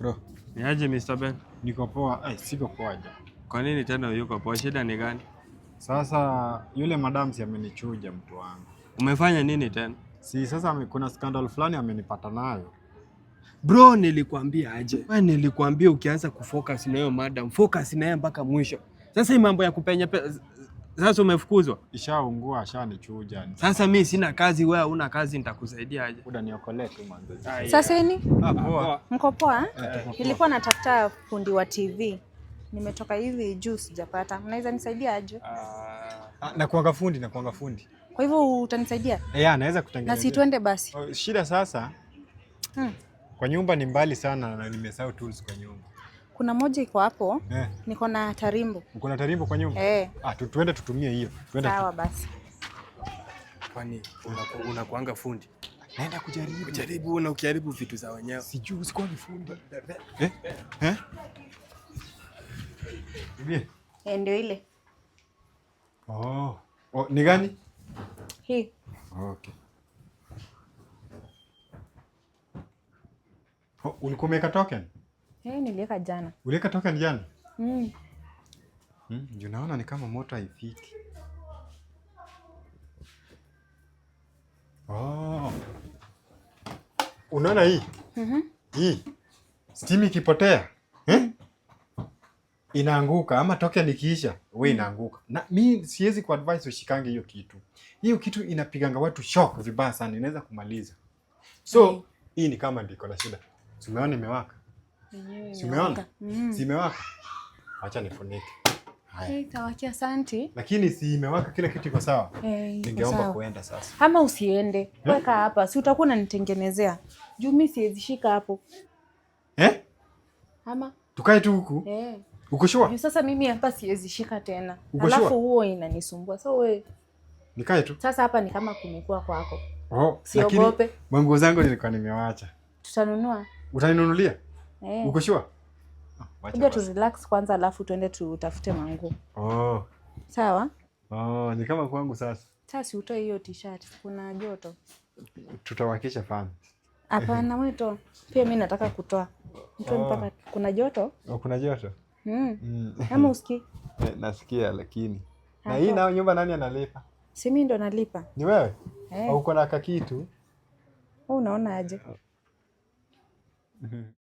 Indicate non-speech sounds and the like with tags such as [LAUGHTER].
Bro. aje Mr. Ben? Niko poa. Ai, eh, siko poa aje. Kwa nini tena yuko poa? Shida ni gani? Sasa yule madam si amenichuja mtu wangu. Umefanya nini tena? Si sasa kuna scandal fulani amenipata nayo. Bro, nilikwambia aje. Wewe nilikwambia ukianza kufocus na hiyo madam, focus na yeye mpaka mwisho. Sasa hii mambo ya kupenya pe... Sasa umefukuzwa, ishaungua, ashanichuja. Sasa mimi sina kazi, wewe una kazi, nitakusaidiaje? Unaniokolea tu mwanzo. Sasa ni ah, ah, eh, mko poa? Nilikuwa natafuta fundi wa TV, nimetoka hivi juu sijapata, mnaweza nisaidia aje? Ah. Na kuanga fundi na kuanga fundi, kwa hivyo utanisaidia? Yeah, naweza kutengeneza. Na si tuende basi. Oh, shida sasa, hmm. Kwa nyumba ni mbali sana na nimesahau tools kwa nyumba kuna moja iko hapo eh. Niko na tarimbo. Uko na tarimbo kwa nyumba eh? Ah, tuende tutumie hiyo. Tuende. Sawa basi. Kwani unakuanga fundi? Naenda kujaribu. Kujaribu na ukiharibu vitu za wenyewe. Sijui usikuwa ni fundi. Eh? Eh? Eh? eh, ndio ile. Oh. Oh, ni gani? Hii. Okay. Oh, ulikuwa umeka token? Mm. Eh, niliweka jana. Uliweka toka ni jana? Mm. Mm, unaona ni kama moto haifiki. Oh. Unaona hii? Mm-hmm. Hii. Stima ikipotea eh? Mm. Inaanguka ama toke ikiisha we mm. inaanguka. Na mi siwezi ku advise ushikange hiyo kitu. Hiyo kitu inapiganga watu shock vibaya sana, inaweza kumaliza. So hii ni kama ndiko la shida. Tumeona imewaka. Simeona? Mm. Simewaka. Acha nifunike. Haya. Tawaki asante. Lakini si imewaka kila kitu iko sawa? Eh, ningeomba kuenda sasa. Ama usiende. Weka hapa. Si utakuwa unanitengenezea. Juu mimi siwezi shika hapo. Eh? Ama tukae tu huku. Eh. Uko sure? Juu sasa mimi hapa siwezi shika tena. Alafu huo inanisumbua. So we nikae tu. Sasa hapa ni kama kumekuwa kwako. Oh, siogope. Manguo zangu nilikuwa nimewaacha. Tutanunua. Utaninunulia? Eh. Uko sure? Kuja ah, tu relax kwanza alafu tuende tutafute manguo. Oh. Sawa? Oh, ni kama kwangu sasa. Sasa utoe hiyo t-shirt, kuna joto. Tutawakisha fans. Hapana mweto. Pia mimi nataka kutoa. Mtu oh. mpaka Kuna joto? Oh, kuna joto. Mm. Mm. Kama usikii? [LAUGHS] Eh, nasikia lakini. Na ah, hii nayo nyumba nani analipa? Si mimi ndo nalipa. Ni wewe? Eh. Au uko na kakitu? Wewe unaona aje? [LAUGHS] Mhm.